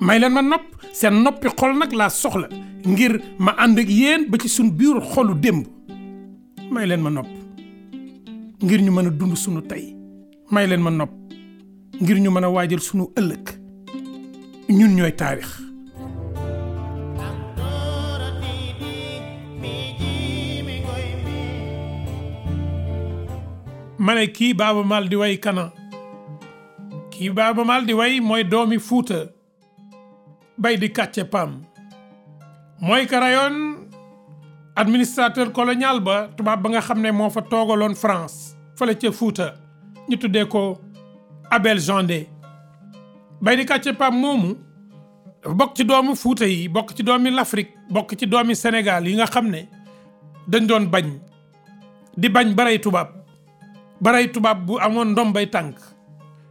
may leen ma nopp seen noppi xol nag laa soxla ngir ma ànd ak yéen ba ci suñ biir xolu démb may leen ma nopp ngir ñu mën a dund sunu tey may leen ma nopp ngir ñu mën a waajal sunu ëllëg ñun ñooy taarix. ma ne kii Baaba Maal di way kana kii Baaba Maal di way mooy doomi Fuuta bay di kàcce pam mooy ka rayoon administrateur colonial ba tubaab ba nga xam ne moo fa toogaloon France fële ca Fuuta ñu tuddee ko Abel Jandé bay di kàcce pam moomu bokk ci doomu Fuuta yi bokk ci doomi l'Afrique bokk ci doomi Sénégal yi nga xam ne dañ doon bañ di bañ baray tubaab baray tubaab bu amoon ndombay tànk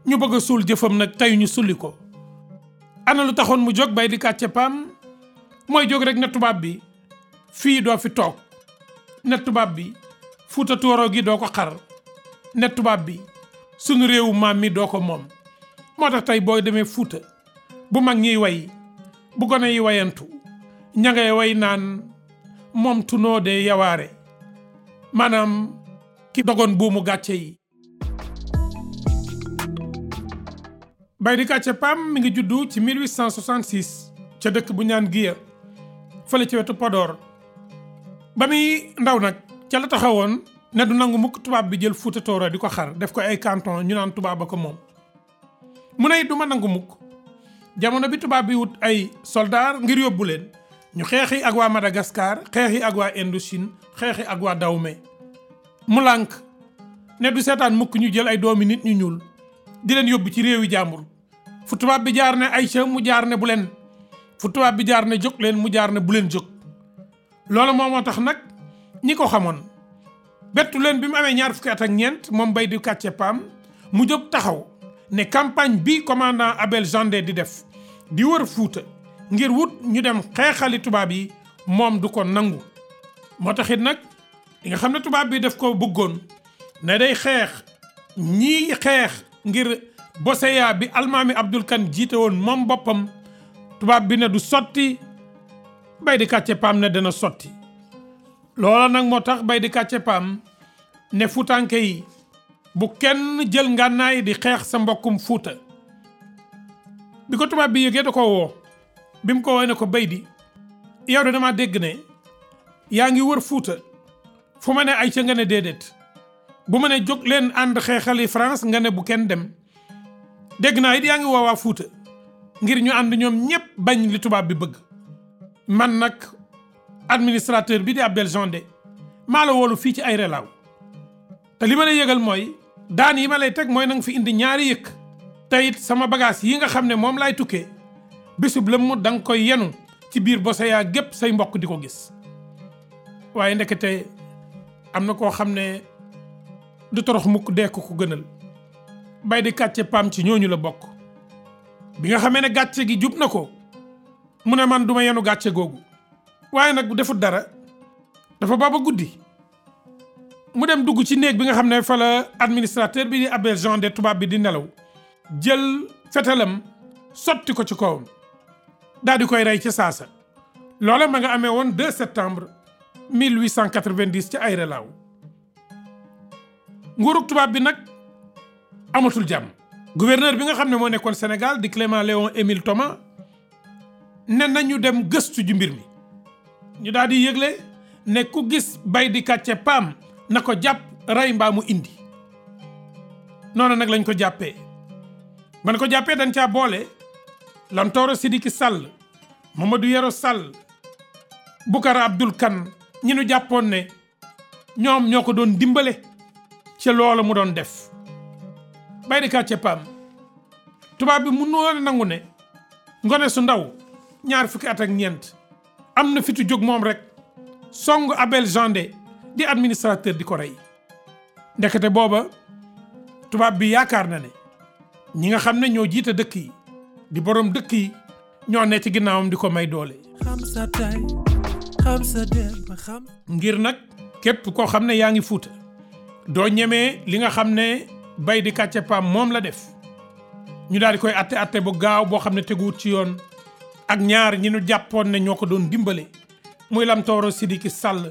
ñu bëgg a suul jëfam nag tey ñu sulli ko ana lu taxoon mu jóg bay di kàcce paam mooy jóg rek ne tubaab bi fii doo fi toog ne tubaab bi fuuta tooro gi doo ko xar ne tubaab bi sunu réewu maam mi doo ko moom moo tax tey boo demee fuuta bu mag ñiy way bu gone yi wayantu ña ngay way naan moom tunoo de yawaare maanaam ki dogoon buumu gàcce yi di Baydika ca Pam mi ngi juddu ci 1866 ca dëkk bu ñaan Guiya fële ci wetu Podor ba muy ndaw nag ca la taxawoon ne du nangu mukk tubaab bi jël Fuuta Tooro di ko xar def ko ay canton ñu naan tubaab ko moom mu ne it du ma nangu mukk jamono bi tubaab bi wut ay soldaar ngir yóbbu leen ñu xeex yi ak waa Madagascar xeex yi ak waa Indochine xeex yi ak waa Dahomey mu lànk ne du seetaan mukk ñu jël ay doomi nit ñu ñuul di leen yóbbu ci réewi jàmbur fu tubaab bi jaar ne ayca mu jaar ne bu leen fu tubaab bi jaar ne jóg leen mu jaar ne bu leen jóg loolu moom moo tax nag ñi ko xamoon bettu leen bi mu amee ñaar fukki at ak ñeent moom bay di kàcce paam mu jóg taxaw ne campagne bi commandant Abel Jandé di def di wër Fuuta ngir wut ñu dem xeexali tubaab yi moom du ko nangu moo taxit nag li xam ne tubaab bi def ko bëggoon ne day xeex ñii xeex ngir boseya bi almaami Abdul Kan jiite woon moom boppam tubaab bi ne du sotti bay di kàcce paam ne dana sotti loola nag moo tax bay di kàcce paam ne fuutanke yi bu kenn jël ngànnaay di xeex sa mbokkum fuuta bi ko tubaab bi yëgee da ko woo bi mu ko woo ne ko bay di yow de damaa dégg ne yaa ngi wër fuuta fu ma ne ay ca nga ne déedéet bu ma ne jóg leen ànd xeexali France nga ne bu kenn dem dégg naa it yaa ngi woowaa Fuuta ngir ñu ànd ñoom ñëpp bañ li tubaab bi bëgg man nag administrateur bi di Abdel Jande maa la woolu fii ci ay relaaw te li ma lay yëgal mooy daan yi ma lay teg mooy nanga fi indi ñaari yëkk teyit sama bagage yi nga xam ne moom laay tukkee bésub lëmm da koy yenu ci biir Boseya gépp say mbokk di ko gis waaye te am na koo xam ne du torox mukk dee ko ko gënal bay di gàcce pam ci ñooñu la bokk bi nga xamee ne gàcce gi jub na ko mu ne man du ma yenu gàcce googu waaye nag bu defut dara dafa baba guddi mu dem dugg ci néeg bi nga xam ne fala la bi di abbé Jean de tubaab bi di nelaw jël fetalam sotti ko ci kawam daal di koy rey ci saasa loola ma nga amee woon 2 septembre 1890 ci ay relaaw nguurug tubaab bi nag amatul jàmm gouverneur bi nga xam ne moo nekkoon senegal di Clément Léon Émile Thomas ne nañu dem gëstu ji mbir mi ñu daal di yëgle ne ku gis bay di kàcce pam na ko jàpp rey mbaa mu indi noonu nag lañ ko jàppee ban ko jàppee dañ caa boole Lamtooro Sidiki Sall du Yero Sall Boucara Abdoul Kane ñi nu jàppoon ne ñoom ñoo ko doon dimbale ci loolu mu doon def bayri kàcce paam tubaab bi mu noone nangu ne ngone su ndaw ñaar fukki at ak ñeent am na fitu jóg moom rek song Abel Jandé di administrateur di ko rey ndekete booba tubaab bi yaakaar na ne ñi nga xam ne ñoo jiita dëkk yi di borom dëkk yi ñoo ne ci ginnaawam di ko may doole ngir nag képp koo xam ne yaa ngi fuuta doo ñemee li nga xam ne bay di kàcce paam moom la def ñu daal di koy atte atte bu gaaw boo xam ne teguwut ci yoon ak ñaar ñi nu jàppoon ne ñoo ko doon dimbale muy Lamtooro Sidiki Sall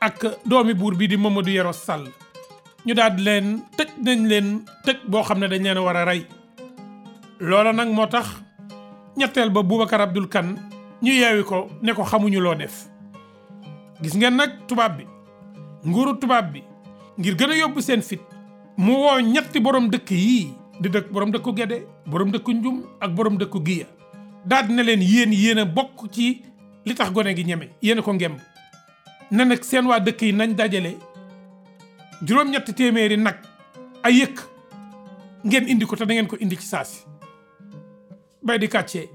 ak doomi buur bi di Mamadou Yero Sall ñu daal di leen tëj nañ leen tëj boo xam ne dañ leen a war a rey loola nag moo tax ñetteel ba Boubacar Abdoul Kane ñu yeewi ko ne ko xamuñu loo def gis ngeen nag tubaab bi nguuru tubaab bi ngir gën a yóbbu seen fit mu woo ñetti borom dëkk yii di dëkk borom dëkku Gede borom dëkku Njum ak borom dëkku Giya daal dina leen yéen yéen a bokk ci li tax gone gi ñeme yéen ko ngemb ne nag seen waa dëkk yi nañ dajale juróom-ñetti téeméeri nag ay yëkk ngeen indi ko te da ngeen ko indi ci saasi bay di kàccee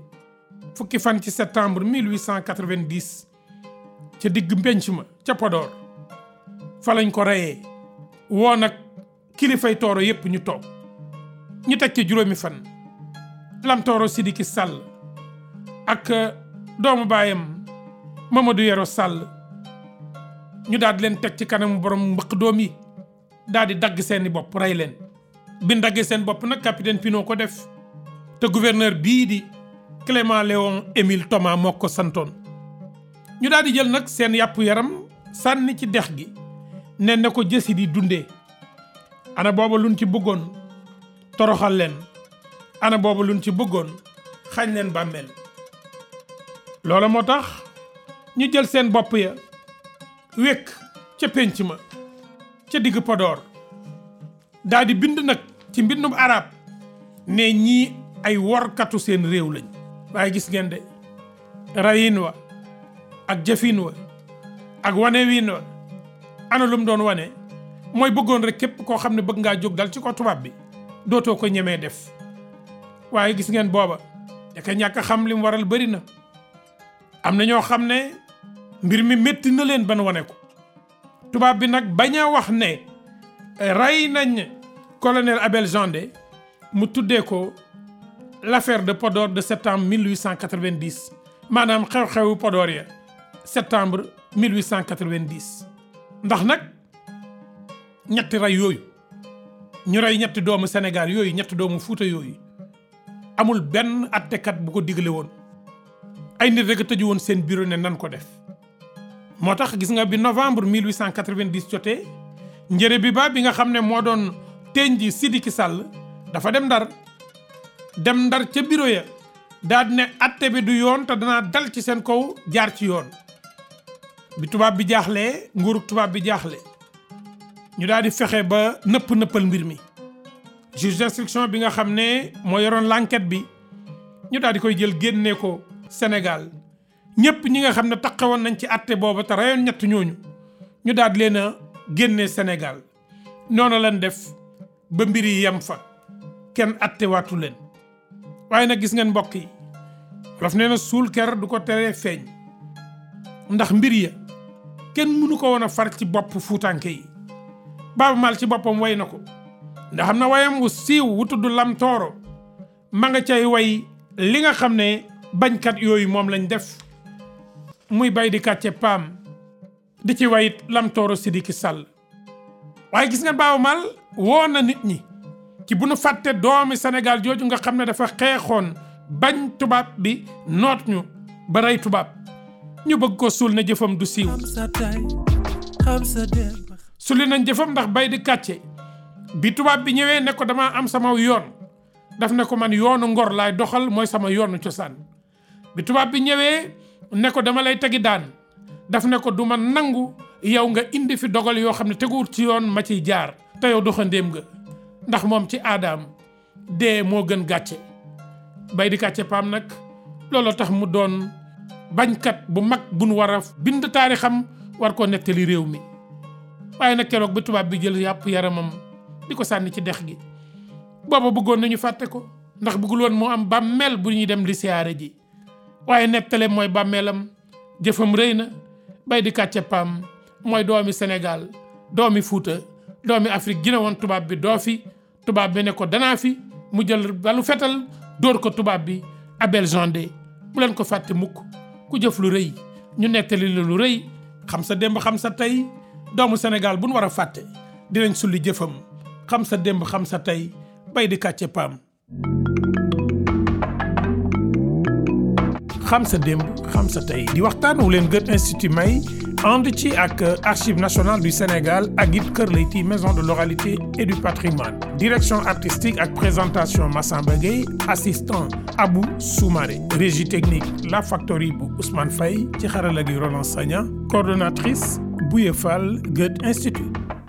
fukki fan ci septembre 1890 ca digg mpenc ma ca Podor fa lañ ko reyee woo nag kilifay tooro yépp ñu toog ñu teg ci juróomi fan lam tooro sidiki sàll ak euh, doomu baayam mamadou yero sàll ñu daal di leen teg ci kanamu borom mbëq doom yi daal di dagg seeni bopp rey leen bi daggee seen bopp nag capitaine Pinault ko def te gouverneur bii di Clément Léon Émile moo ko santoon ñu daal di jël nag seen yàpp yaram sànni ci dex gi nen na ko jësi di dundee ana booba luñ ci bëggoon toroxal leen ana booba luñ ci bëggoon xañ leen bàmmeel loola moo tax ñu jël seen bopp ya wékk ca pénc ma ca digg Podor daal bind nag ci mbindum arab ne ñii ay workatu seen réew lañ waaye gis ngeen de rayin wa ak jëfin wa ak wane wiin wa ana lum doon wane mooy bëggoon rek képp koo xam ne bëgg ngaa jóg dal ci ko tubaab bi dootoo ko ñemee def waaye gis ngeen booba daka ñàkk a xam lim waral bëri na am na ñoo xam ne mbir mi métti na leen ban wane ko tubaab bi nag bañ a wax ne eh, rey nañ colonel Abel Jandé mu tuddee ko l'affaire de Podor de septembre 1890 maanaam xew-xewu Podor ya septembre 1890 ndax nag ñetti rey yooyu ñu rey ñetti doomu Sénégal yooyu ñetti doomu Fuuta yooyu amul benn attekat bu ko digle woon ay nit rekk a tëju woon seen bureau ne nan ko def moo tax gis nga bi novembre 1890 jotee njëre bi ba bi nga xam ne moo doon teeñ ji Sidiki sàll dafa dem ndar dem ndar ca bureau ya daal di ne atte bi du yoon te danaa dal ci seen kaw jaar ci yoon bi tubaab bi jaaxlee nguurug tubaab bi jaaxle ñu daal di fexe ba nëpp nëppal mbir mi juge d'instruction bi nga xam ne moo yoroon l'enquête bi ñu daal di koy jël génne ko Sénégal ñëpp ñi nga xam ne taxawoon nañ ci àtte booba te rayoon ñett ñooñu ñu daal di leen a génne Sénégal noonu leen def ba mbir yi yem fa kenn àtte waatu leen waaye nag gis ngeen mbokk yi wolof nee na suul ker du ko teree feeñ ndax mbir ya kenn mënu ko woon far ci bopp fuutanke yi Baaba Maal ci boppam way na ko ndax xam na wayam wu siiw wu tudd Lam Tooro ma nga cay way li nga xam ne bañkat yooyu moom lañ def muy bay di kàcce paam di ci wayit Lam Tooro Sidiki Sall waaye gis nga Baaba Maal woo na nit ñi ci bu nu fàtte doomi Sénégal jooju nga xam ne dafa xeexoon bañ tubaab bi noot ñu ba rey tubaab ñu bëgg ko suul na jëfam du siiw sulli nañ jëfam ndax bay di kàcce bi tubaab bi ñëwee ne ko damaa am sama yoon daf ne ko man yoonu ngor laay doxal mooy sama yoonu cosaan bi tubaab bi ñëwee ne ko dama lay tegi daan daf ne ko du man nangu yow nga indi fi dogal yoo xam ne teguwut ci yoon ma ci jaar te yow doxandéem nga ndax moom ci aadaam dee moo gën gàcce bay di kàcce paam nag looloo tax mu doon bañkat bu mag bu nu war a bind xam war koo nettali réew mi waaye nag keroog ba tubaab bi jël yàpp yaramam di ko sànni ci dex gi booba bëggoon nañu fàtte ko ndax bëggul woon moo am bàmmeel bu ñuy dem di siyaare ji waaye nettale mooy bàmmeelam jëfam rëy na bay di kàcce paam mooy doomi Sénégal doomi Fuuta doomi Afrique gi woon tubaab bi doo fi tubaab bi ne ko danaa fi mu jël balu fetal dóor ko tubaab bi Abel Jandé bu leen ko fàtte mukk ku jëf lu rëy ñu nettali la lu rëy xam sa démb xam sa tey doomu Sénégal bu nu war a fàtte dinañ sulli jëfam xam sa démb xam sa tey bay di kàcce paam. xam sa démb xam sa tey di waxtaan wu leen Goethe Institut may ànd ci ak Archives nationales du Sénégal ak it Kër Leyti maison de l'oralité et du patrimoine direction artistique ak présentation Massamba Gueye assistant Abou Soumaré régie technique La Factory bu Ousmane Faye ci xarala gi Roland Sagna coordonnatrice Bouye Fall Goethe Institut